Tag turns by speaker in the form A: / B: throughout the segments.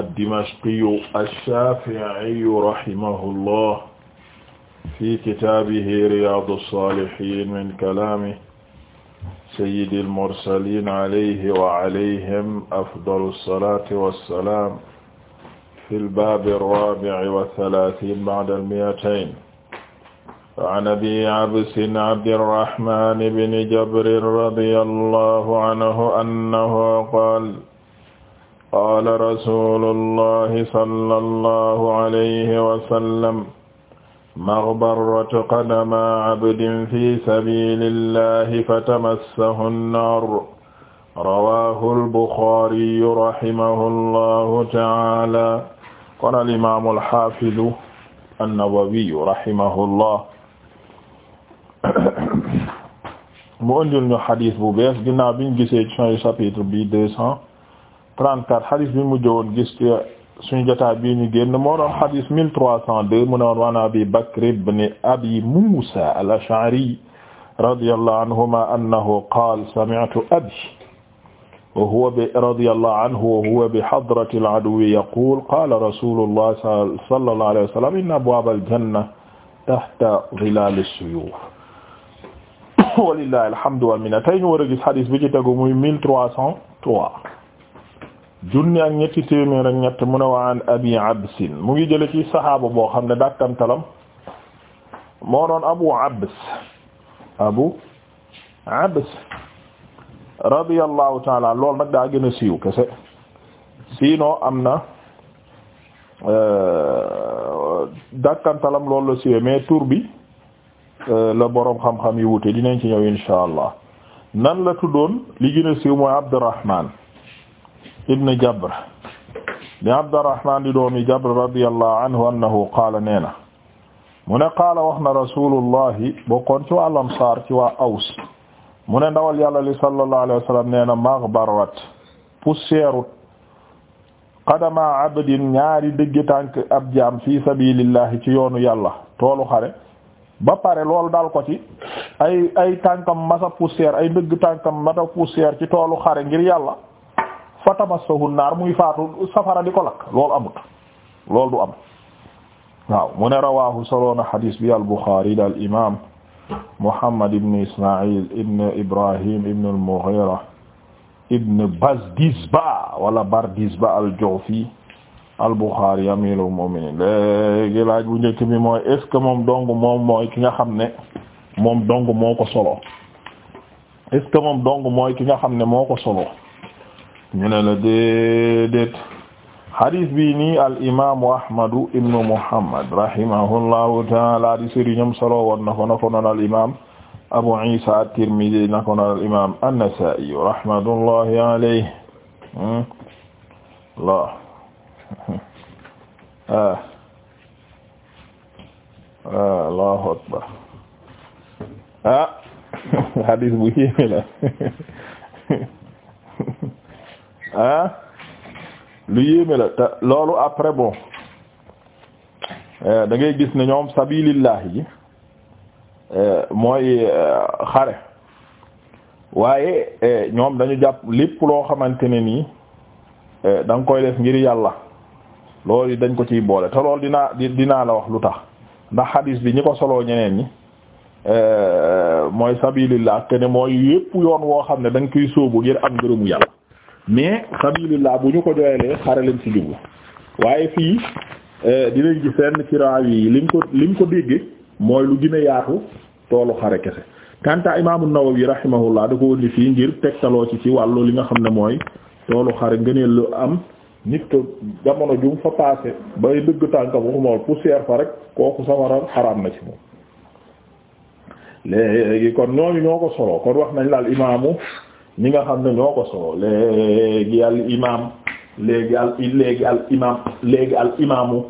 A: ad-Dimashqiyu ash-Shafi'iyu rahimahullah fi kitaabihi Riyaadu s-Saalihiin min kalaami sayyidil mursaliin alayhi wa alayhim afdalu s-salaati wa s-salaam fil baabi r-raabi'i wa s-salaasiina ba'da l-mi'atayn an Abi Abs Abdirrahmaan ibn Jabr radiyallahu anhu annahu qaala qaala rasulullahi sallallahu alayhi wa sallam maghbarratu qadama abdin fi sabilillahi fatamassahu an-nar rawahu al-bukhari rahimahullahu ta'ala kon al-imaamu al-haafidu an-nawawi rahimahullah mu ëndil ñu xadis bu bees ginnaaw biñ gisee ci chapitre bi deux cent 34 xadis bi mu jëwoon gis ci suñu jotaay bii ñu génn moo doon xadis 1302 mu ne woon waan Abi Bakr ibn Abi Musa al-Ash'ari radiyallahu anhuma annahu qaala sami'tu abi wa huwa bi radiyallahu anhu wa huwa bi hadrati al-'aduwwi yaqulu qaala rasulullah sallallahu alayhi wa sallam inna abwaaba al-janna tahta dhilaali as-suyuuf walillahi alhamdu wal minna tey ñu war a gis xadis bi ci tegu muy 1303 junni ak ñetti téeméer ak ñett mu ne waan abi absin mu ngi jële ci saxaaba boo xam ne dàkkantalam moo doon abu abs abu abs radiyallahu taala loolu nag daa gën a siiw kese sinon am na euh, dàkkantalam loolu la siiwee mais tur bi euh, la boroom xam-xam yi wute dinañ ci ñëw insha allah nan la tuddoon li gën a siiw mooy abdurrahman ibn Jabr di Abdurrahman di doomi Jabr radiyallahu anhu nee na mu ne wax na rasulullahi bokkoon ci waa Ansaar ci waa Aws mu ne ndawal yàlla li sallallahu alayhi wa sallam nee na maghbarat poussière qadama abdin ñaari dëgg tànk ab jaam fi sabilillahi ci yoonu yàlla toolu xare ba pare loolu dal ko ci ay ay tànkam masa poussière ay dëgg tànkam masa poussière ci toolu xare ngir yàlla fa tamassahu naar muy faatu safara di ko lakk loolu amut loolu du am waaw mu ne rawaahu soloona xadis bi al Buxaari daal imaam Muhammad ibn Isma'il ibn Ibrahim ibn al-Mughira ibn Bazdisba wala Bardisba al-Ju'fi al-Buxaari amiirul mu'miniin léegi laaj bu njëkk bi mooy est ce que moom dong moom mooy ki nga xam ne moom dong moo ko solo est moom dong mooy ki nga xam ne moo ko solo. ñu ne la déedéet hadis bi nii al imaamu ahmadu ibnu muhammad rahimahullahu taala di sëriñam solo woon na ko na ko noon al imaam abu isa at-tirmidhi na ko noon al imaam an-nasa'i rahmatullahi alayhi hmm? la ah. Ah, allahu akbar ah hadis bu yéeme la ah lu yéeme la te loolu après bon eh, da gis ni ñoom sabilillah yi eh, mooy eh, xare waaye ñoom dañu jàpp lépp loo xamante ne nii da koy def ngir yàlla loolu dañ ko ciy boole te lool dinaa dinaa la wax lu tax ndax xadiis bi ñi ko soloo ñeneen ñi mooy sabilillah te ne mooy yépp yoon woo xam ne da nga koy sóobu ngir am ngërëmu yàlla mais sabilillah bu ñu ko doyalee xare leen ci jublu waaye fii eh, dinañ gis fenn ci raaw yi liñ ko liñ ko déggee mooy lu gën a yaatu toolu xare kese kanta imaamu Nawawi rahimahullah da ko wëndi fii ngir tegtaloo ci ci wàllu li nga xam ne mooy toolu xare ngëneel lu am nit ko jamono ju fa paase bay dëgg tànkam waxumal poussière fa rek kooku sawara xaraam na ci moom léegi kon ñooñu ñoo ko solo kon wax nañ laal imaamu ñi nga xam ne ñoo ko solo léegi al imaam léegi al léegi al imaam léegi al imaamu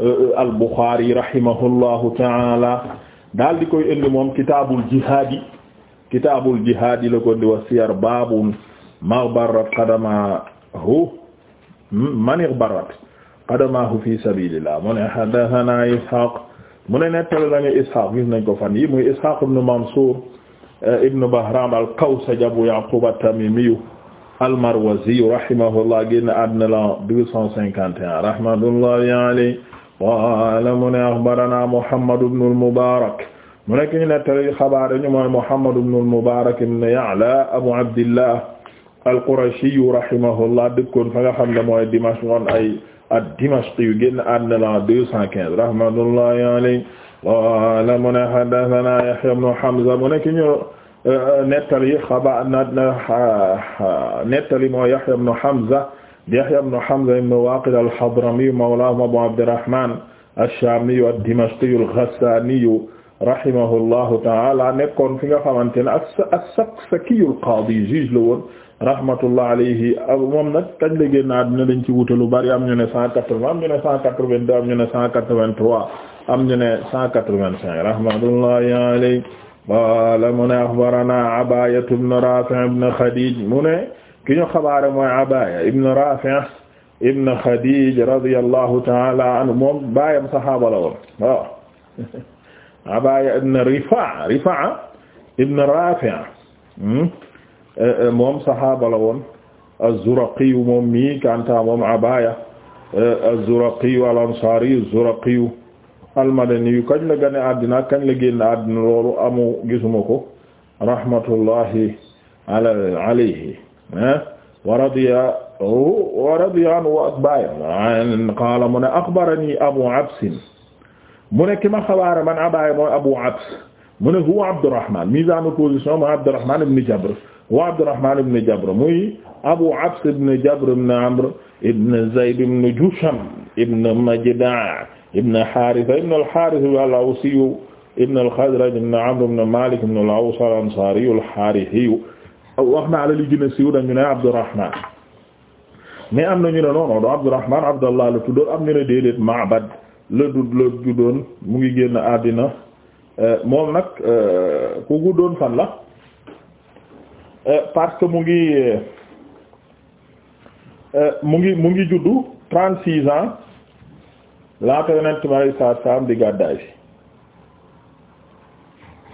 A: euh, al Buxaari rahimahullahu taala daal di koy indi moom kitaabul jihaadi kitaabul jihaadi la ko di wa siyar baabun maghbarat qadamahu man ighbarat qadamahu fi sabilillah mu ne haddathana Ishaq mu ne nettali nañu Ishaq gis nañ ko fan yi muy Ishaq ibn Mansuur Eh, ibnu Bahram al-Kawsaj Abu Yaqub at-Tamimi al-Marwazi rahimahullah génn àddina la deux cent cinquante et un rahmatullahi alayhi qaala mu ne axbarana Muhammad ibnu al-Mubarak mu nekk ñu nettali xabaar ñu mooy Muhammad ibnu al-Mubarak ibnu Ya'la Abu Abdillah al-Qurashi rahimahullah dëkkoon fa nga xam ne mooy Dimashq ay ad-Dimashqi yu génn àddina la deux cent quinze rahmatullahi alayhi qaala mu ne haddasanaa Yahyaa ibnu Hamza mu ne ki ñu eh, eh, nettali xaba nettali moo Yahyaa ibnu Hamza Yahyaa ibnu Hamza ibnu Waaqid al-Hadramiyu mawlaahum Abuu Abdirrahmaan ash-Shaamiyu ad-Dimashqiyu al-Ghassaaniyu rahimahullahu ta'aala nekkoon fi nga xamante ne as-Saksakiyu al-Qaadi juge la woon rahmatullah alayhi moom nag kañ la génn àddina dañ ci wute lu bari am ñu ne 180 am ñu ne 182 am ñu ne 183 am ñu ne cent quatre-vingt-cinq rahmatullahi alayhi qaala mu ne axbarana abayatu ibn rafi' ibn khadij mu ne ki ñu xabaare mooy abaya ibn rafi' ibn khadij radiyallahu ta'ala anhu moom baayam saxaaba la woon waaw abaya ibn rifa' rifa' ibn rafi' hmm? eh, eh, moom saxaaba la woon az-zuraqi moom mi kanta moom abaya eh, az-zuraqi al-ansari az-zuraqi almadani yu kañ la gane àddina kañ la génn àddina loolu amu gisuma ko rahmatullahi ala alayhi ah, wa radiya wa radiya anhu wa atbaa'ihi qaala mu ne axbarani abu absin mu ne ki ma xabaare man abaaye mooy abu abs mu ne huwa abdurrahman mizan opposition mooy abdurrahman ibn jabr wa abdurrahman ibn jabr muy abu abs ibn jabr ibn amr ibn zayd ibn jusham ibn majda ibn Haarisa ibn al-Haaris al-Awsiyu ibn al-Xazraj ibn Amr ibn Maalik ibn al-Aws al-Ansaariyu al-Haarisiyu wax naa la li gën a dañu ne Abdurrahmaan mais am na ñu ne noonu Abdurrahmaan Abdallah la tuddoon am ñu ne déedéet Ma'bad la dud la tuddoon mu ngi génn àddina moom nag ku guddoon fan la parce que mu ngi mu ngi mu ngi juddu trente-six ans laata yonent bi alay salaatu salaam di gàddaay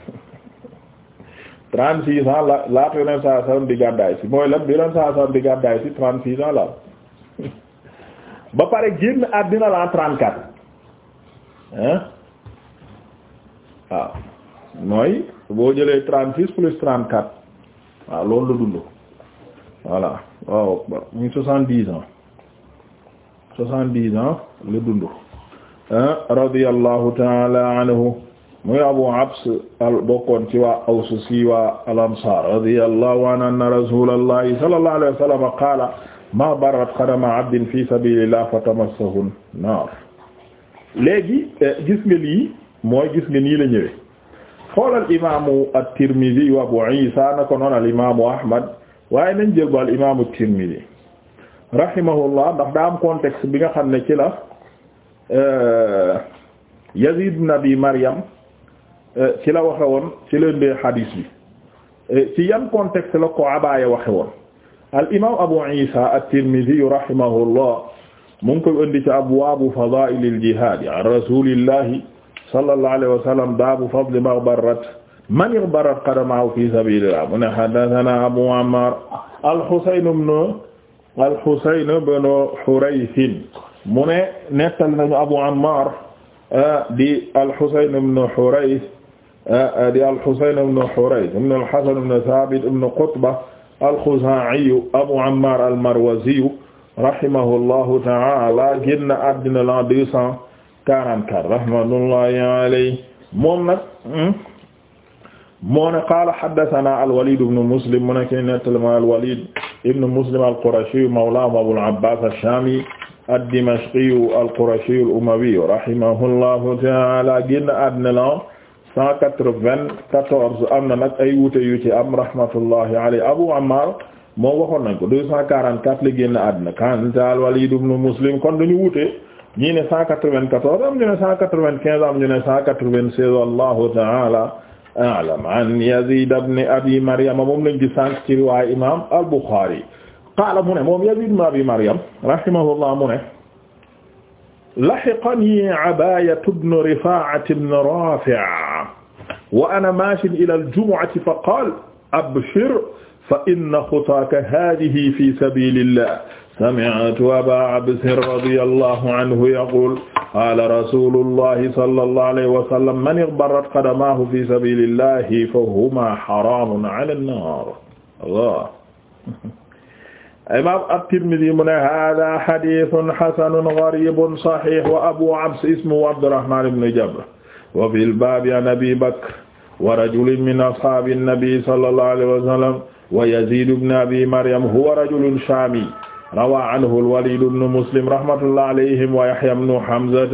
A: si trente six ans la laata yonent saa salaam di gàddaay si mooy lan bi yonent saa salaam di gàddaay si trente six ans la ba pare génn àddina la trente quatre hein waaw mooy boo jëlee trente six plus trente quatre waaw loolu la dund voilà waaw muy soixante dix ans la dund Ah, radiyallahu taala anhu muy abu abs al bokkoon ci waa aws si waa al ansar radiyallahu anhu anna rasulallahi sallallahu alayhi wa sallam qaala ma barrat qadama abdin fi sabilillah fatamassahu naar léegi eh, gis nga lii mooy gis nga nii la ñëwee xoolal imaamu at-Tirmidhi wa Abu Isa na ko noon al imaamu Ahmad waaye nañ jël ba al imaamu at-Tirmidhi rahimahullah ndax daa am contexte bi nga xam ne ci la Euh, Yazid ibn Abi Maryam euh, ci la waxe woon ci leen dee hadis bi euh, ci yan contexte la ko abaaya waxe woon al imam Abu Isa at-Tirmidhi rahimahullah mu ngi koy indi ci abwaabu fadaa'il al-jihaad an rasulillahi sallallahu alayhi wa sallam baabu fadli maghbarat man ighbarat qadamahu fi sabilillah mu ne haddathana Abu Ammar al-Husayn ibn al-Husayn ibn Hurayth mu ne nettali nañu Abu Ammar ah, di al-Husayn ibn Hurayth ah, di al-Husayn ibn Hurayth ibn al-Hasan ibn Thabit ibn Qutba al-Khuzaa'i Abu Ammar al-Marwazi rahimahullahu ta'ala génn àddina l'an deux cent quarante-quatre rahmatullahi alayhi moom nag hmm, moo ne qaala haddathana al-Walid ibn Muslim mu nekk nettali ma al-Walid ibn Muslim al-Qurashi mawla Abul Abbas ash-Shami ad-Dimashqiyu al-Qurashiyu al-Umawiyu rahimahullahu ta'ala génn àddina la 194 am na nag ay wuute yu ci am rahmatullahi alayhi Abu Ammar moom waxoon nañ ko 244 la génn àddina kanta al-Walid ibn Muslim kon dañu wuute ñii ne 194 am ñu ne 195 am ñu ne 196 wallahu ta'ala a'lam an Yazid ibn Abi Maryam moom lañ di sànq ci riwaaya Imam al-Bukhari qaala mu ne moom Yaziid ibn Abi Maryam rahimahullah mu ne lahiqanii Abaayatu bnu Rifaa'ata bnu Raafi' wa ana maashin ilal jumu'ati fa qaala abshir fa inna xutaaka haadihi fi sabiilillah sami'tu Abaa Absir radiyallahu anhu yaquul qaala rasuulullahi sallallahu alayhi wa sallam man ighbarrat qadamaahu fi sabiilillahi fahumaa haraamun ala nnaar imam at-Tirmidhi mu ne hada hadithun hasanun gharibun sahih wa abu abs ismuhu Abdurrahman ibn Jabr wa fil babi an Abi Bakr wa rajulin min ashabi an-nabi sallallahu alayhi wa sallam wa Yazid ibn Abi Maryam huwa rajulun shami rawa anhu al-Walid ibn Muslim rahmatullahi alayhim wa Yahya ibn Hamza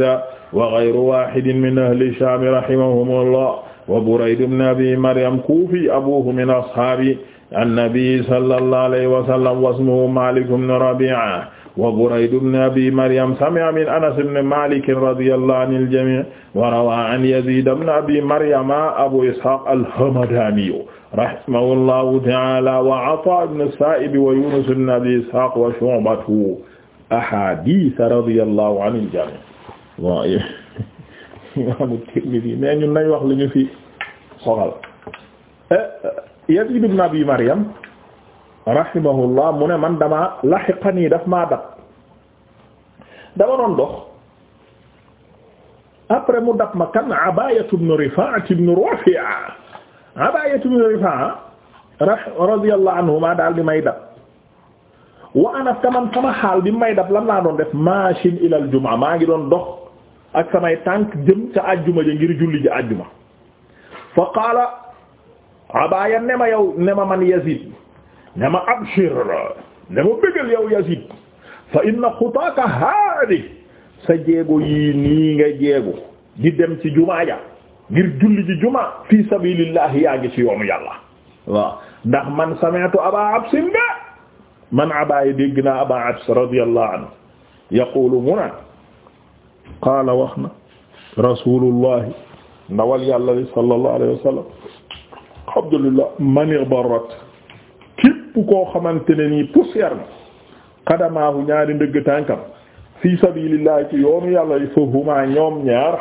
A: wa ghayru wahidin min ahli Sham rahimahumullah wa Burayd ibn Abi Maryam kufi abuhu min ashabi annabi sallallahu alayhi wa sallam wasmuhu Malik ibn Rabi'a wa Burayd ibn Abi Maryam sami'a min Anas ibn Malik radiyallahu anil jami' wa rawa an Yazid ibn Abi Maryam Abu Ishaq al-Hamdani rahimahullahu ta'ala wa Ata ibn as-Sa'ib wa Yunus ibn Abi Ishaq wa Shu'batu ahadith radiyallahu anil jami' waaw Imam Tirmidhi mais ñun nañ wax li ñu fi soxal Yazid ibn Abi Maryam rahimahullah mu ne man damaa laxiqani daf maa dab dama doon dox après mu dab ma kan Abayatu ibn Rifa'at ibn Rafi'a Abayatu ibn Rifa'a radiyallahu anhuma daal di may dab wa ana taman sama xaal bi may dab lan laa doon def machine ilal jumaa maa ngi doon dox ak samay tànk jëm ca àjjuma ja ngir julli ji àjjuma fa qaala abaya ne ma yow ne ma man Yazid ne ma abshir ne ma bëggal yow Yazid fa inna xutaaka haadi sa jéego yii nii nga jéego di dem ci jumaa ja ngir julli ji jumaa fi sabilillahi yaa ngi ci yoonu yàlla waaw ndax man sami'tu aba absin ba man abaya dégg naa aba abs radiyallahu anhu yaqulu muna qaala wax na rasulullahi ndawal yàlla li sallallahu alayhi wa sallam Abdullah manir barat képp koo xamante ne nii poussière na xadamaahu ñaari ndëgg tànkam fi sabilillah ci yoonu yàlla yi fa huma ñoom ñaar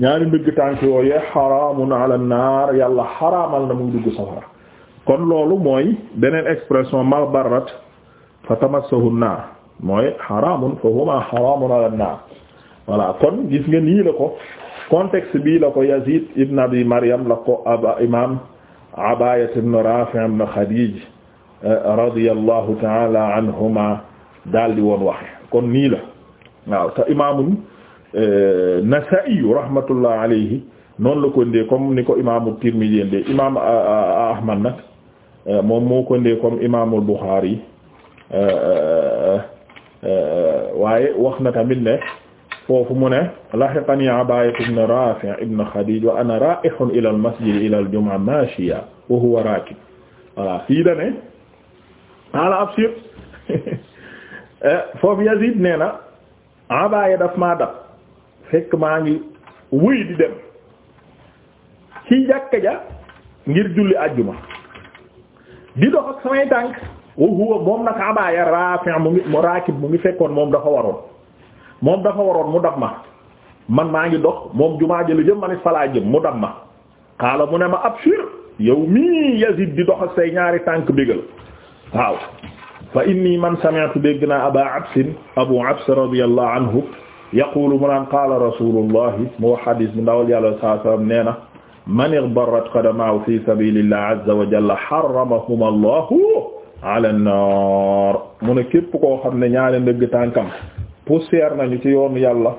A: ñaari ndëgg tànk yooyee xaraamun ala naar yàlla xaraamal na muy dugg safara kon loolu mooy beneen expression malbarat fa tamassahu naar mooy xaraamun fa huma xaraamun ala naar voilà kon gis nga nii la ko context bi la ko Yazid ibn Abi Maryam la ko aba imam Abayat ibn Rafi' ibn Khadij eh, radiyallahu ta'ala anhuma daal di woon waxe kon nii la waaw te eh, rahmatullah alayhi noonu la ko indee comme ni ko imaamu Tirmidhi indee imaam ah, ah, ah, Ahmad nag eh, moom moo ko indee comme imaamul Bukhari waaye wax na tamit ne foofu mu ne lahiqani abayat ibn rafi' ibn khadij wa ana ila al ila al jumu'a wa huwa rakib voilà fii da ne ala absir eh, foofu Yazid nee na abaya daf maa dab fekk maa ngi wuy di dem ci jàkka ja ngir julli àjjuma di dox ak samay tànk wa huwa moom nag abaya rafi' mu raakib mu ngi fekkoon moom dafa waroon moom dafa waroon mu dab ma man maa ngi dox moom jumaa jëla jëm man it falaa jëm mu dab ma xaala mu ne ma abshir yow mii Yazid di dox ak say ñaari tànk bégal waaw fa inni man sami'tu dégg naa aba absin abu abs radiyallahu anhu yaqulu mu naan qaala rasulullahi mu wax xadis bi ndawal yàlla saa sallam nee na man ighbarrat qadamaahu fi sabilillah azza wa jalla harramahuma allahu ala an-nar mu ne képp koo xam ne ñaari ndëgg tànkam poussière nañu ci yoonu yàlla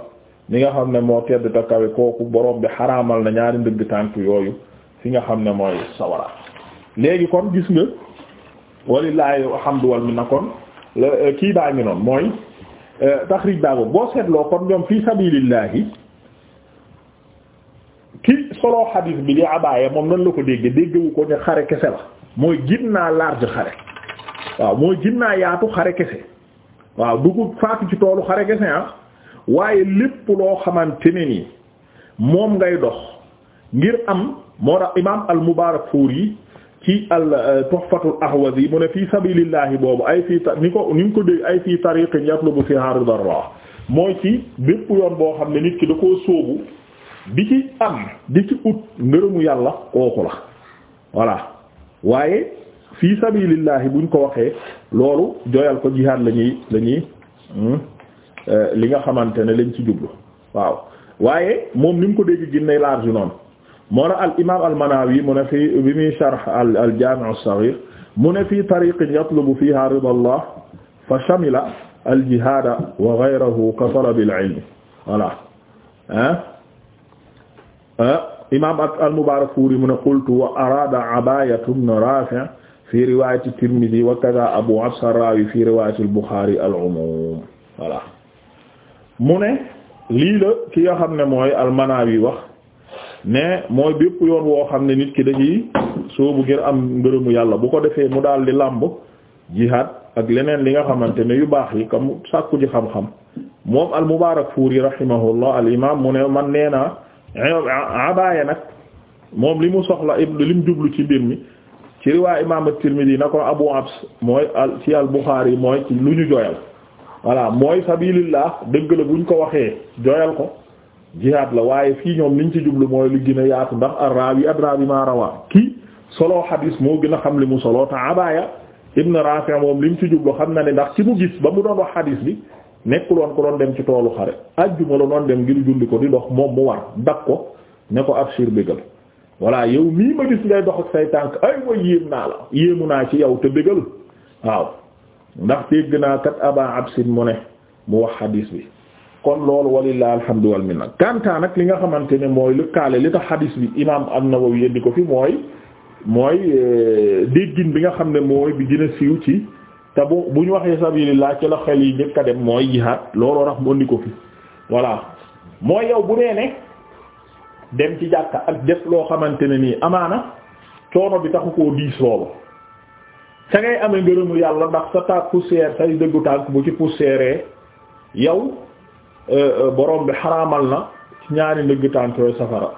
A: ñi nga xam ne moo tedd ta kawe kooku borom bi xaraamal na ñaari ndëgg tànk yooyu fi nga xam ne mooy sawara léegi kon gis nga walillahi alhamdu wal minna kon euh, kii baa ngi noonu mooy euh, taxrij baa boobu boo seetloo kon ñoom fi sabilillahi ki solo xadiis bi li abaaye moom nan la ko dégg déggewu ko ne xare kese la mooy gin naa large xare waaw mooy gin naa yaatu xare kese waaw dugub faatu ci toolu xare gese ah waaye lépp loo xamante ne ni moom ngay dox ngir am moo tax imaam al-Mubarakfuri ci al euh, tuhfatul ahwazi mu ne fii sabilillahi boobu ay fii ni ko ni nga ko dégg ay fii tariqin yatlubu fi haru darra mooy ci bépp yoon boo xam ne nit ki da koo sóobu di ci am di ci ut ngërëmu yàlla kooku la voilà waaye fii sabilillahi buñ ko waxee loolu joyal ko jihaad la ñuy la ñuy hmm, euh, li nga xamante ne lañ ci jublu waaw waaye moom ni mu ko dégg ginne large noonu moo na al imam al manawi mu ne fii bi muy sharh al al jami' as-saghir mu ne fii tariqin yatlubu fiha rida allah fa shamila al jihada wa ghayrahu ka talab al ilm voilà ah imam al mubarakfuri mu ne qultu wa arada abayatu ibn rafi' fi riwaayati Tirmidhi wa kaza Abu Absa raawi fi riwaayati al al-umum voilà mu ne lii la ki nga xam ne mooy al-Manawi wax ne mooy bépp yoon woo xam ne nit ki da ciy soobu ngir am ngërëmu yàlla bu ko defee mu daal di làmb jihaad ak leneen li nga xamante ne yu baax yi comme sàkku ji xam-xam moom al-Mubarakfuri rahimahullah al-imam mu ne man nee naa abaaya nag moom li mu soxla li mu jublu ci mbir mi. ci riwaay imaam at-Tirmidhi na ko Abu Abs mooy ci al yi mooy ci lu ñu joyal voilà mooy sabilillah dëgg la buñ ko waxee joyal ko jihaad la waaye fii ñoom niñ ci jublu mooy lu gën a yaatu ndax ar-rawi adra bima rawa ki solo xadiis moo gën a xam li mu solo te Abaaya ibn Rafi' moom li ñu ci jublu xam na ni ndax ci mu gis ba mu doon wax xadiis bi nekkuloon ko doon dem ci toolu xare ajjuma la doon dem ngir julli ko di dox moom mu war dak ne ko abshir bégal voilà yow mii ma gis ngay dox ak say tànk ay wa yéem naa la yéemu naa ci yow te bégal waaw ndax dégg naa kat aba absin mu ne mu wax xadiis bi kon loolu walilah alhamdu wal minna kantaa nag li nga xamante ne mooy lu kaale li tax xadiis bi imaam an-Nawawi yëndi ko fi mooy mooy euh, déggin bi nga xam ne mooy bi gën a siiw ci te bu bu ñu waxee sabilillah ci la xel yi njëkk a dem mooy jihaad looloo tax mu indi ko fi voilà mooy yow bu nee ne dem ci jàkka ak def loo xamante ne nii amaana soono bi taxu ko diis loolu sa ngay amee ngërëmu yàlla ndax sa taat poussière say dëggu tànk bu ci poussière yow euh, euh, borom bi xaraamal na ñaari dëgg tànk yooyu safara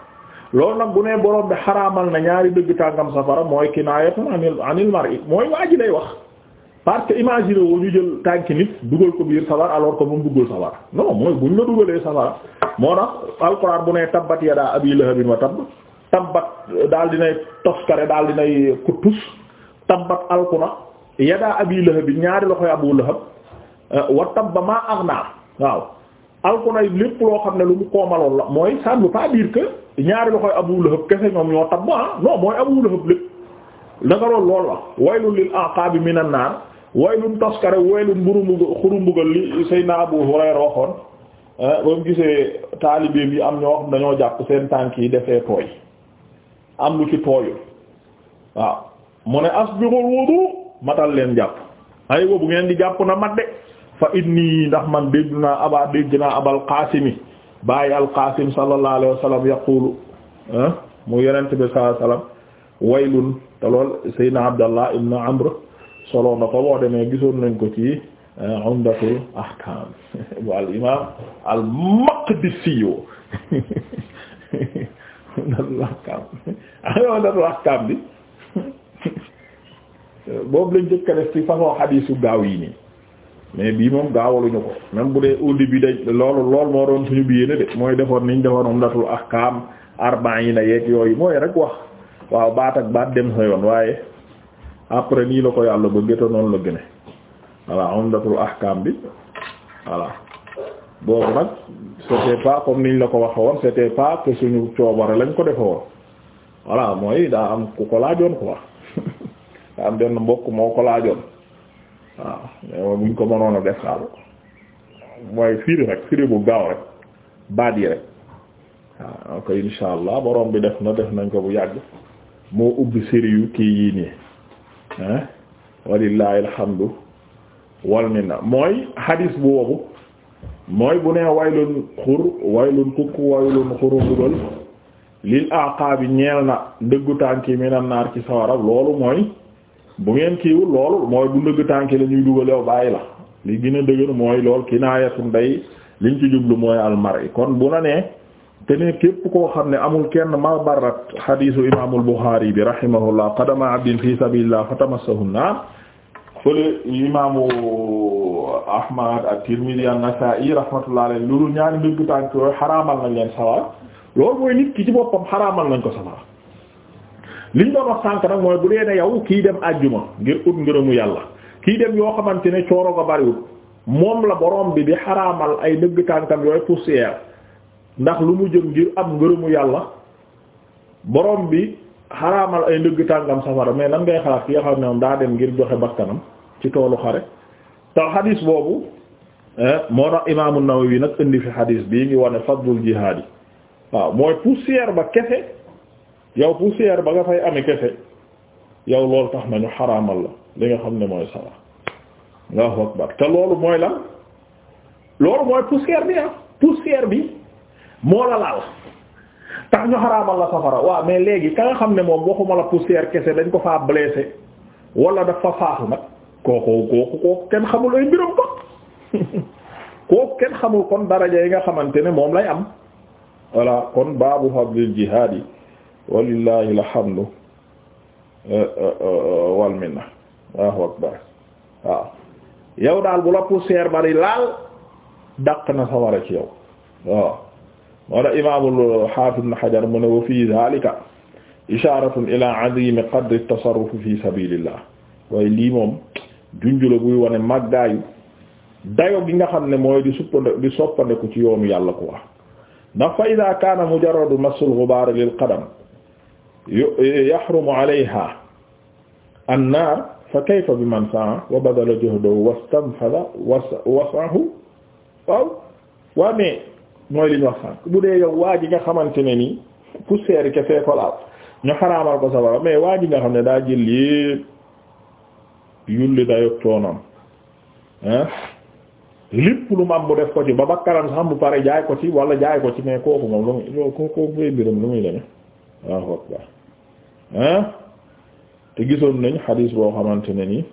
A: loolu nag bu nee borom bi xaramal na ñaari dëgg tànkam safara mooy kinaayatu anil anil mar'i mooy waa ji lay wax parce que imaginer woo ñu jël tànk nit dugal ko biir sawar alors que moom duggul sawar non mooy buñ la dugalee sawar moo tax alxuraan bu ne tabbat yadaa abii lahabin wa tabb tabbat daal dinay toskare daal dinay kuttus tabbat alxuraan yadaa abii lahabin ñaari loxoy abu lahab eh, wa tabba maa aghnaa waaw alxuraan lépp loo xam ne lu mu koomaloon la mooy ça ne veut pas dire que ñaari loxoy abu lahab kese ñoom ñoo tabb ah non mooy abu lahab lépp da waylun toskare waylun burumbu xurumbugal li Seydina Abu Hurayra waxoon eh, ba mu gisee taalibeem yi am ñoo xam dañoo jàpp seen tànk yi defee tooy am lu ci tooyul waaw mu ne asbighul wudu matal leen jàpp ay bu ngeen di jàpp na mat de fa inni ndax man dégg naa aba dégg naa abal qaasimi bàyyi al qaasim sallallahu alayhi wa sallam eh, mu yonent bi sallallahu alayhi waylun te lool Seydina Abdallah ibn Amr solo na ko boo demee gisoon nañ ko ci eh, Umdatul Ahkam bu al imaam al Maqdisi Umdatul Ahkam Umdatul Ahkam bi boobu lañ jëkk a def ci façon xadiisu gaaw yi nii mais bii moom gaawaluñu ko même bu dee au début dañ loolu lool moo doon suñu bi yéene de mooy defoon niñ defoon Umdatul Ahkam arba'in yeeg yooyu mooy rek wax waaw baat ak baat dem sa yoon waaye après nii la ko yàlla bëgg te noonu la gëne voilà Umdatul Ahkam bi voilà boobu nag c'était pas comme niñ la ko waxe woon c'était pas que suñu coobare lañ ko defe woon voilà mooy daa am ku ko laajoon quoi daa am benn mbokk moo ko laajoon waaw ko mënoon a def daal mooy firi rek firi bu gaaw rek baat yi rek waaw ok insha allah borom bi def na def nañ ko bu yàgg moo ubbi série kii yii nii ah walillahi alhamdu wal minna mooy hadis boobu mooy bu nee waylun xur waylun kukk waylun xurundugal lil aqaabi ñeel na ndëggu tànki minan naar ci sawara loolu mooy bu ngeen kiiwul lool mooy bu ndëgg tànki la ñuy dugal bàyyi la li gën a dëgër mooy lool kinaayatun day liñ ci jublu mooy almar i kon bu na nee te ne képp koo xam ne amul kenn mabarat hadisu imaamul Buxaari bi rahimahullah qadama abdin fi sabilillah fatamassahu naar fële imaamu Ahmad at-Tirmidhi an-Nasa'i rahmatullah alayhi loolu ñaari ndëgg tànk yooyu xaraamal nañ leen sawar loolu mooy nit ki ci boppam xaraamal nañ ko sawar liñ doon wax sànk nag mooy bu dee ne yow kii dem àjjuma ngir ut mu yàlla kii dem yoo xamante ne cooro nga bariwul moom la boroom bi di xaraamal ay ndëgg tànkam yooyu ndax lu mu jëm ngir am ngërëmu yàlla borom bi xaraamal ay ndëgg tàngam safara mais nan ngay xalaat ki nga xam ne moom daa dem ngir joxe bakkanam ci toolu xare te xadiis boobu eh, moo tax imaamu Nawawi nag indi fi xadiis bii ngi wane fadlul jihaad yi waaw mooy poussière ba kese yow poussière ba nga fay ame kese yow loolu tax nañu xaraamal la li nga xam ne mooy safara Allahu akbar te loolu mooy la loolu mooy poussière bi ah poussière bi moo la laal tax ñu xaraamal la safara waaw mais léegi ka nga xam ne moom waxuma la poussière kese dañ ko faa blessé wala daf fa faatu nag kooku kooku kooku kenn xamul ay mbiram ko kooku kenn xamul kon daraja yi nga xamante ne moom lay am voilà kon baabu fadlil jihaad yi walillahi alhamdu eh, eh, eh, wal minna waaw akbar waaw yow daal bu la poussière bari laal dàq na sawara ci yow waaw wala imaamul haafid ibn Hajar mu ne wa fii zaalika ishaaratun ilaa aziimi qadri tasarrufi fii sabiilillah waaye lii moom junjula buy wane màggaayu dayo gi nga xam ne mooy di suppande di soppandeku ci yoonu yàlla quoi ndax fa idaa kaana mujarradu massul ghubaar lil qadam yahrumu alayhaa an-naar fa kayfa bi man sa'a wa badala juhdahu wastanfada was'ahu waaw waa mais mooy li ñu wax bu dee yow waa ji nga xamante ne nii poussière yi kefee ko laal ñu xaraamal ko safara mais waa ji nga xam ne daa jël yépp yulli dayog coonam ah lépp lu mu bu def ko ci ba bakkaram sax bu pare jaay ko ci wala jaay ko ci mais kooku moom lu muy loolu kooku koy biram lu muy deme te gisoon nañ xadis boo xamante ne nii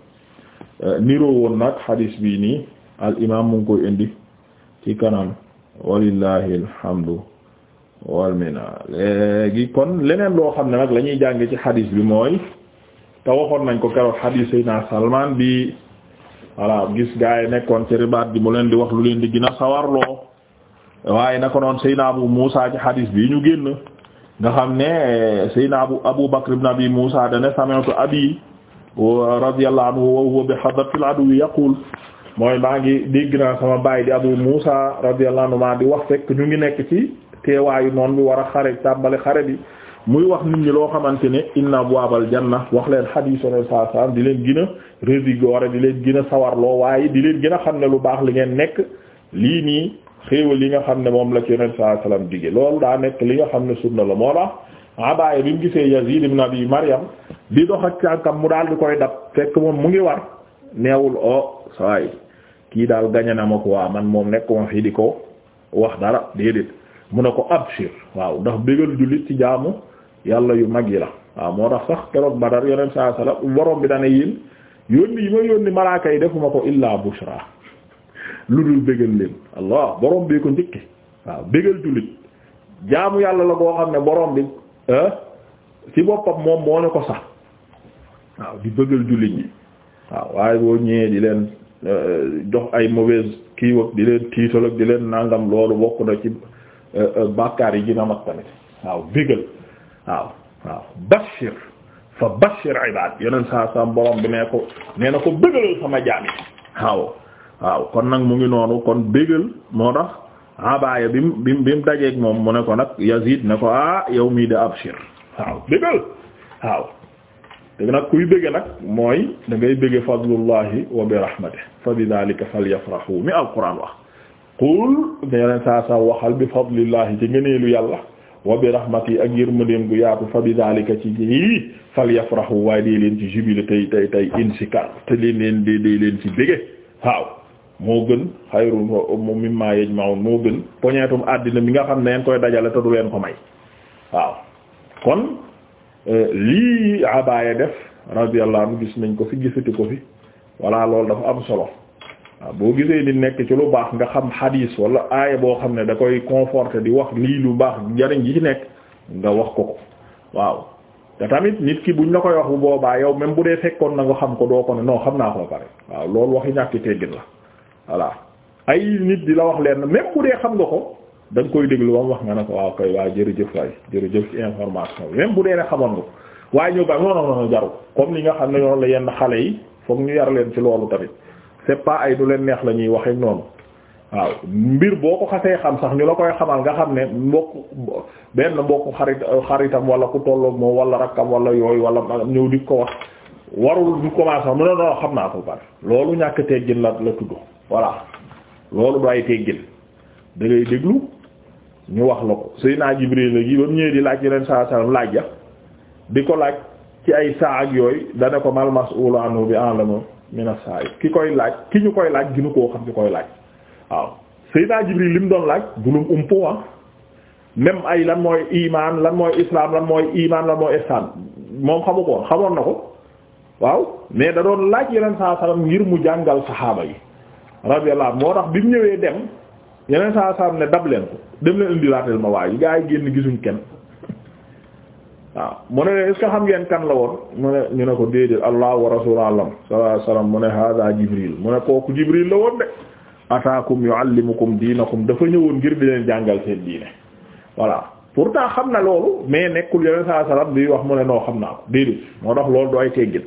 A: eh, niroo woon nag xadis bii nii al imam mu ngi koy indi ci kanam walillahi alhamdu wal minna kon leneen loo xam ne nag la jànge ci xadiis bi mooy te waxoon nañ ko keroog xadiis yi naa Salmaan bi voilà gis gaa yi nekkoon ci ribaat bi mu leen di wax lu leen di gina a sawarloo waaye naka noonu Seydina Abu Muusa ci xadiis bi ñu génn nga xam ne Seydina Abu Abu Bakr ibn Abi Muusa dane sami'tu abi radiyallahu anhu wa huwa bi hadratil aduwwi yaqul mooy baa ngi dégg naa sama baay di Abu Muusa radiyallahu anhu ma di wax fekk ñu ngi nekk ci teewaayu noonu bi war a xare tàmbali xare bi muy wax nit ñi loo xamante ne inna abwaabal janna wax leen xadiis Yonent sallallahu alayhi di leen gën a révigorer di leen gën a sawarloo waaye di leen gën a xam ne lu baax li ngeen nekk lii nii xéewal li nga xam ne moom la ci Yonent sallallahu alayhi wasallam loolu daa nekk li nga xam ne sunna la moo tax Abaaya bi mu gisee Yazid ibn Abi Maryam di dox ak cànkam mu daal di koy dab fekk moom mu ngi war neewul o oh, kii daal gañe na ma ko waa man moom nekkuma fii di ko wax dara déedéet mu ne ko abshir waaw ndax bégal jullit ci jaamu yàlla yu mag yi la waaw moo tax sax keroog Badar yoneen saa sala borom bi dana yéen yónni yi ma yónni malaaka yi defuma ko illaa bushra lu dul bégal leen allah borom bee ko njëkke waaw bégal jullit jaamu yàlla la boo xam ne borom bi ah, ci boppam moom moo ne ko sax waaw di bëggal jullit ñi waaw waaye boo ñëwee di leen Euh, jox ay mauvaise kii di leen tiital di leen nangam loolu bokk na ci euh, euh, bàkkaar yi gën a mag tamit waaw bégal waaw waaw bashir fa bashir ibad yeneen saa saa borom bi nee ko nee na ko bégalal sama jaam waaw waaw kon nag mu ngi noonu kon bégal moo tax abaya bi mu bi mu bi moom mu ne ko nag Yazid ne ko ah yow mii de abshir waaw bégal waaw te nag kuy bëgg nag mooy da ngay bëgg fadlullahi wa bi rahmatihi fa bi dhalika falyafrahu mi alquran wax qul yeneen saa saa waxal bi fadlillahi ci ngëneelu yàlla wa bi rahmatihi ak yërmandeem gu yaatu fa bi dhalika ci yii falyafrahu waaye dee leen ci jubile tey tey tey insikar te leen leen di dee leen ci bëgge waaw moo gën xayrun mimma yajma'un moo gën poñeetum àddina mi nga xam neen koy dajale te du leen ko may waaw kon lii abaaya def radiyallahu anhu gis nañ ko fi gisati ko fi walla loolu dafa am solo waaw boo gisee di nekk ci lu baax nga xam xadiis wala aaya boo xam ne da koy conforter di wax lii lu baax njariñ ji ci nekk nga wax ko ko waaw te tamit nit ki buñ la koy wax bu boobaa yow même bu dee fekkoon na nga xam ko doo ko ne noo xam naa ko pare waaw loolu waxi ñàkk teggin la voilà ay nit di la wax leen même bu dee xam nga ko da nga koy déglu ba mu wax nga ne ko waaw koy waaw jërëjëf waay jërëjëf ci information bi même bu dee ne xamoon nga waaye ñëw ba non non non jaru comme li nga xam ne la yenn xale yi foog ñu yar leen ci loolu tamit ay du leen neex la ñuy waxe noonu waaw mbir boo ko xasee xam sax la koy xamal nga xam ne mbokk benn mbokk xarit xaritam wala ku tolloog moom wala rakkam wala yooyu wala ñëw di ko wax warul du commencé mu ne non xam naa ko pare loolu ñàkk teggin la la tudd voilà loolu du teggin da déglu ñu wax la ko Seydina Jibril la gi ba mu ñëwee di laaj yeneen saa salaam laaj ya di ko laaj ci ay saa ak yooyu dana ko mal mas'uulu anhu bi a'lamu mina saa'il ki koy laaj ki ñu koy laaj ginu koo xam koy laaj waaw Seydina Jibril li mu laaj du ah. lan mooy iman lan mooy islam lan mooy iman lan mooy ihsan moom xamu ko xamoon na ko waaw mais da doon laaj yeneen saa salaam ngir mu jàngal saxaaba yi radiyallahu moo tax bi mu ñëwee dem. yeneen saa saam ne dab leen ko dem leen indilaateel ma waaye gaa yi génn gisuñ kenn waaw mu ne leen est-ce xam ngeen kan la woon mu ne ñu ne ko déedéet allah wa rasuluhu alam sallallahu alayhi wasallam mu ne hada jibril mu ne kooku jibril la woon de ataakum yuallimukum diinakum dafa ñëwoon ngir di leen jàngal seen diine voilà pourtant xam na loolu mais nekkul yeneen saa saam bi wax mu ne noo xam naa ko déedéet moo tax loolu dooy ay teggin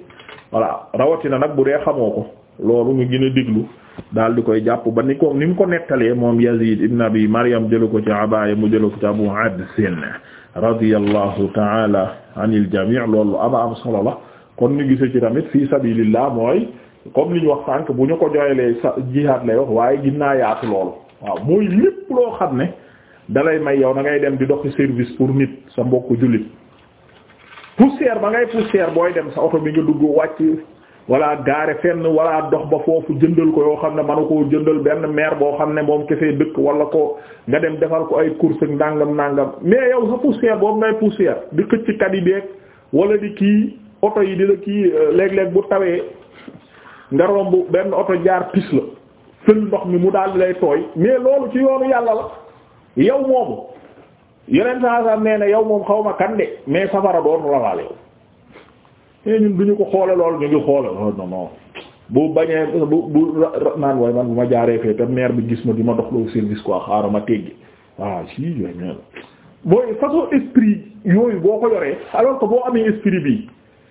A: voilà rawatina nag bu dee xamoo ko loolu nga gën daal di koy jàpp ba ni ko ni mu ko nettalee moom Yazid ibn Abi Maryam jëlu ko ci Abaaya mu jëlu ko ci Abu Absin radiyallahu taala anil am solo la kon ñu gise ci tamit fi sabilillah mooy comme li ñu wax sànq bu ñu ko jooyalee sa jihaad lay wax waaye ginnaa yaatu loolu waaw mooy lépp loo xam ne dalay may yow da ngay dem di doxi service pour nit sa mbokk jullit poussière ba ngay poussière booy dem sa oto bi nga dugg wàcc wala gaare fenn wala dox ba foofu jëndal ko yoo xam ne manu koo jëndal benn maire boo xam ne moom kefee dëkk wala ko nga dem defal ko ay course ak ndàngam ndàngam mais yow sa poussière boobu ngay poussière di xëcc kadi beeg wala di kii oto yi di la kii euh, léeg-léeg bu tawee nga romb benn oto jaar pis la fël ndox mi mu daal di lay tooy mais loolu ci yoonu yàlla la yow moomu yeneen saa saa nee ne yow moom xaw ma kan de mais safara doon rawal yow eh ñun ñu ko xoole loolu ñu ngi xoole lool oh, non non bu bañee bu bu naan waaye man bu ma jaaree fee te maire bi gis ma di ma dox loolu service quoi xaaral ma teggi ah si yooyu boo ko yoree alors que boo amee esprit bi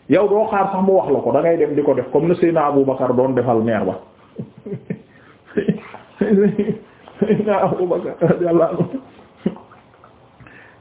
A: yow doo xaar sax mu wax la ko da ngay dem di ko def comme ne Seyna Aboubacar doon defal maire ba Seyna Aboubacar yàlla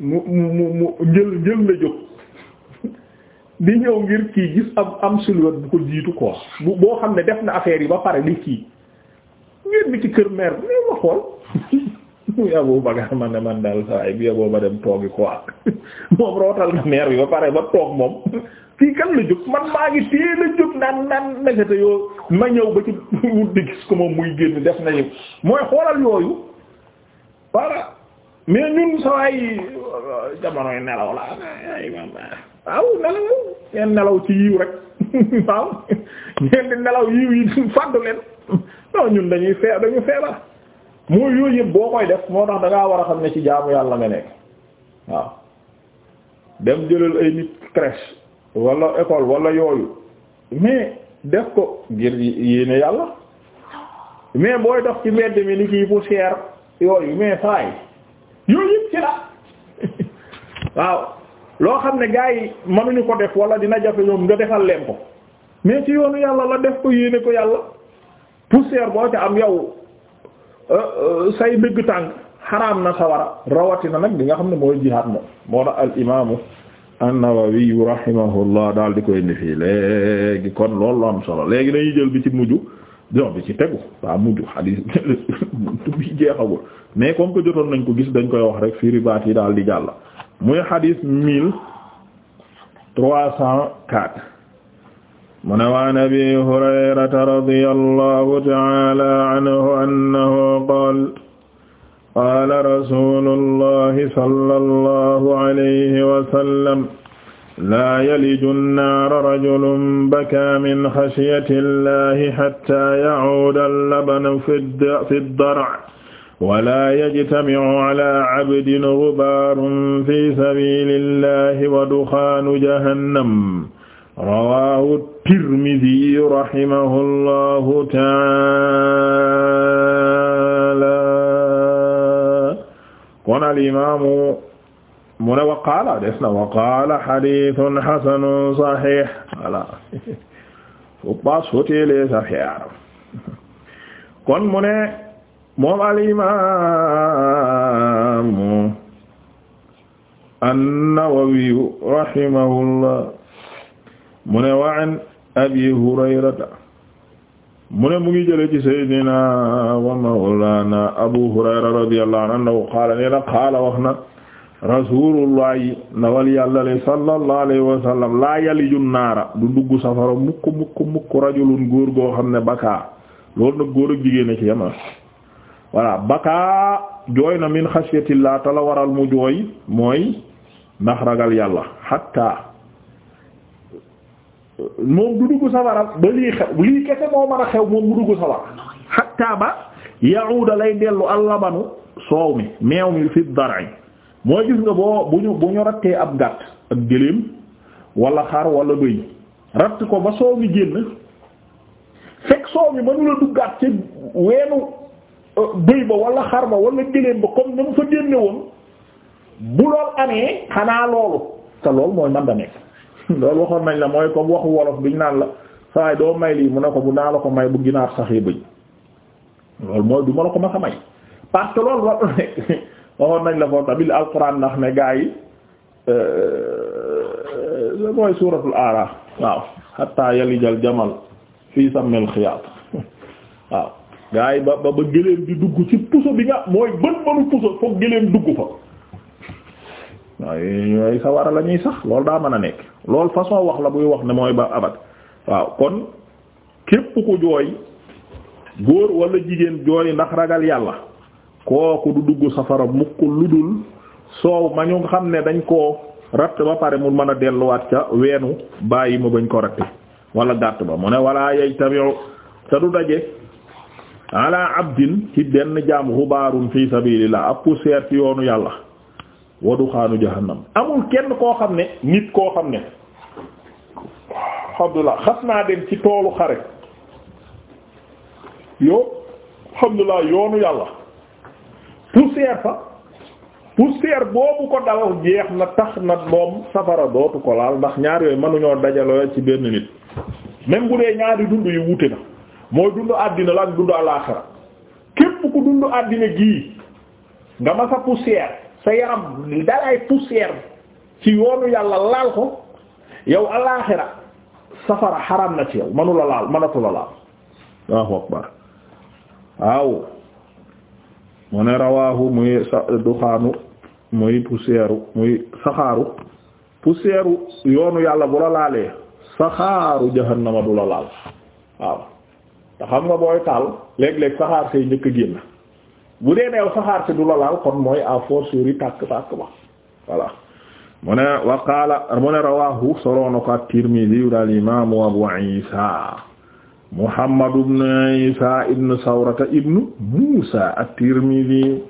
A: mu mu mu njël njël la jóg di ñëw ngir kii gis am am silhouette jiitu ko boo xam ne def na affaire yi ba pare li kii ci kër xool mu yaboo ba nga man ne man daal saa dem toogi quoi moom rootal na mère bi ba toog moom kii man maa ngi téye la jóg naan naan ma ñëw ba ci wut di gis ko muy génn def na yëpp mooy xoolal yooyu voilà. mais ñun sawaay jamonoy nelaw la waaw nelaw ngeen nelaw ci yiw rek waaw ngeen nelaw yiw yi fàddu leen non ñun dañuy fee dañu feebar mooy yooyu yëpp boo koy def moo tax da war a xam ne ci jaamu yàlla nga nekk waaw dem jëlal ay nit crèche wala école wala yooyu mais def ko ngir yéene yàlla mais booy dox ci mbedd mi ni kii poussière yooyu mais saay yooyu yëpp ci la waaw loo xam ne gars yi mënuñu ko def wala dina jafe ñoom nga defal leen ko mais ci yoonu yàlla la def ko yéene ko yàlla poussière boo ca am yow euh, euh, say dëgg tànk xaraam na sawara rawatina nag bi nga xam ne mooy jihaad moom moo tax al imaamu an-Nawawi rahimahullah daal di koy indi fii léegi kon loolu am solo léegi dañuy jël bi ci mujj non bi ci tegu waa mujj xadis buntu bi jeexagul mais comme que jotoon nañ ko gis dañ koy wax rek fi ribaat yi daal di jàll muy xadis mille trois cent quatre mu ne waan abi hurayrata radiyallahu ta'ala anhu annahu qaala qaala rasulullahi sallallahu alayhi wa sallam laa yaliju nnaara rajulun bakaa min xashyati allahi xatta yacuuda allabanu fi ddar' wala yajtamicu ala cabdin gubaarun fi sabiili allahi wa duxaanu jahannam rawaahu tirmidi rahimahu allahu taala kon al imaamu mu ne waqaala des na waqaala hadithun hasanun sahih voilà faut pas sauter les affaires kon mu ne moom al imam an-Nawawi rahimahullah mu ne wa an abi hurayrata mu ne mu ngi jële ci sayyidina wa mawlana abu hurayra radiyallahu anhu qaala nee na qaala wax na rasulullahi ndawal yàlla le sallallahu alayhi wa sallam laa yaliju naara du dugg safara mukk mukk mukk rajulun góor goo xam ne baka loolu nag góor ak jigéen a ci yema voilà baka jooy na min xasyatillah te la waral mu jooy mooy ndax ragal yàlla hatta moom du dugg safara ba lii xew lii kese moo mën a xew moom mu dugg safara hatta ba yauda lay dellu allabanu soow mi meew mi fi dar'i mooy gis nga boo bu ñu bu ñu rattee ab gàtt ak gëléem wala xar wala bëy ratt ko ba soow mi génn fekk soow mi mënula duggaat ci weenu euh, bëy ba wala xar ba wala gëléem ba comme na mu fa génne woon bu lool amee xanaa loolu te loolu mooy man da nekk loolu waxoon nañ la mooy comme waxu wolof bi ñu naan la saay doo may lii mu ne ko bu naa la ko may bu ginaar saxee bëñ loolu mooy du la ko ma sa may parce loolu nekk waxoon nañ la foofu tamit alquran ndax ne gaa yi euh, euh, mooy suuratul aaraaf waaw hatta yalijal jamal fii sammil xiyaat waaw gaa yi ba ba ba gëléem di dugg ci puso bi nga mooy bën bënu puso foog gëléem dugg fa waaye ñooy sawara la ñuy sax loolu daa mën a nekk lool façon wax la buy wax ne mooy ba abat waaw kon képp ku jooy góor wala jigéen jooy ndax ragal yàlla kooku du dugg safara mukk lu dul soow ma ñu xam ne dañ koo ratt ba pare mu mën a delluwaat ca weenu bàyyi ma bañ ko ratte wala gàtt ba mu ne wala yajtamiu te du daje ala abdin ci benn jaam xubaarun fi sabilillah ab ci yoonu yàlla wadu xaanu jahannam amul kenn koo xam ne nit koo xam ne alhamdulillah xas naa dem ci toolu xare yo alhamdulillah yoonu yàlla poussière fa poussière boobu ko dal jeex na tax na moom safara dootu ko laal ndax ñaar yooyu mënuñoo dajaloo ci benn nit même bu dee ñaari dund yu wute na mooy dund àddina la dund alaaxira képp ku dund àddina gii nga ma sa poussière sa yaram dalay poussière ci yoonu yàlla laal ko yow alaaxira safara xaram na ci yow mënula laal mënatula laal waaw waaw mu ne rawaahu muy sa duxaanu muy poussière muy saxaaru poussière yoonu yàlla bu la laalee saxaaru jahannama du la laal waaw te xam nga booy taal léeg-léeg saxaar say njëkk génn bu dee neew saxaar si du la laal kon mooy à force yi tàkk tàkk ba voilà mu ne waqaala mu ne rawaahu soroona ko at-Tirmidhi daal imaamu Abu Isa Muhammad ibn Isa ibn Sawrata ibn Musa at-Tirmidhi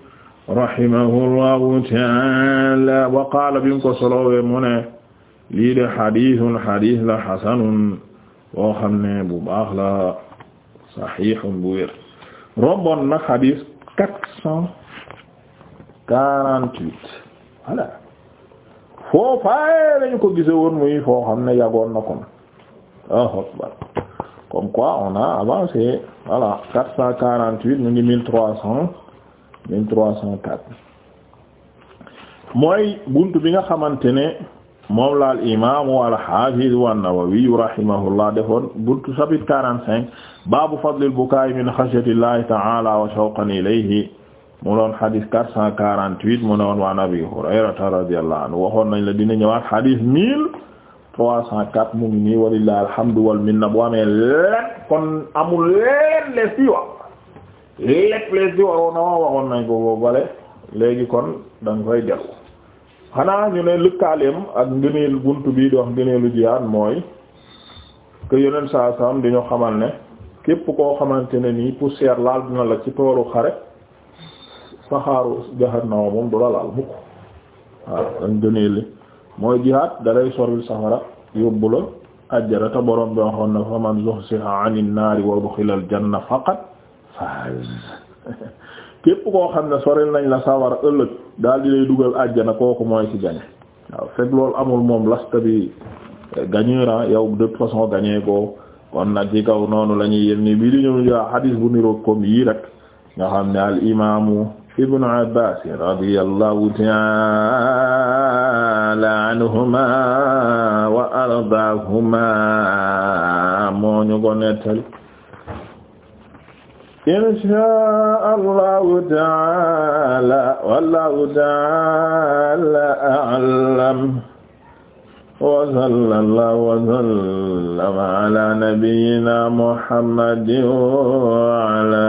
A: rahimahullahu ta'ala wa qaala bi mu ko solowee mu ne lii de xadiisun xadiis la xasanun boo xam ne bu baax la saxiixun bu wér rombon na xadiis quatre cent quarante-huit voilà foofaay lañu ko gise woon muy foo xam ne yàggoon na kon ah akbar comme quoi on a avancé voilà 448 ñu ngi 1300 1304 mooy buntu bi nga xamante ne moom la al imaamu al haafiz an-Nawawi rahimahullah defoon buntu chapitre 45 baabu fadli al-bukaa'i min khashyati llahi ta'ala wa shawqan ilayhi mu doon xadis 448 Abi Hurayrata radiyallahu anhu waxoon nañ la dina ñëwaat trois cent quatre mu ngi nii walillahi alhamdu wal minna bu amee lépp kon amul lépp les di wax lépp les di waroon na waxoon nañ ko boobu bale léegi kon da nga koy dellu xanaa ñu ne lëkkaaleem ak ngëneel bunt bii di wax ngëneelu jihaad mooy que yeneen saa saam di ñu xamal ne képp koo xamante ne nii poussière laal dina la ci toolu xare saxaaru jahannama moom du la laal mukk waaw ak ngëneeli mooy jihaad dalay soril safara yóbbu la ajjana te borom bi waxoon na faman zuhziha anin naari wa udxila al janna faqad faaz képp koo xam ne soril nañ la sawar ëllëg daal di lay dugal ajjana kooku mooy ci gañe waaw fekk loolu amul moom lasta bi gagnera yow de toute façon gañee ko kon nag ci kaw noonu la ñuy yem di ñëw ñu xadiis bu niroog comme yii rek nga xam ne al imaamu ibnu Abbaas radiyallahu ta'ala anhuma wa ardaahuma moo ñu ko nettali inshaa allahu taala wallahu taala a'lam wa sallallahu wa sallama ala nabiyyina muhammadin wa ala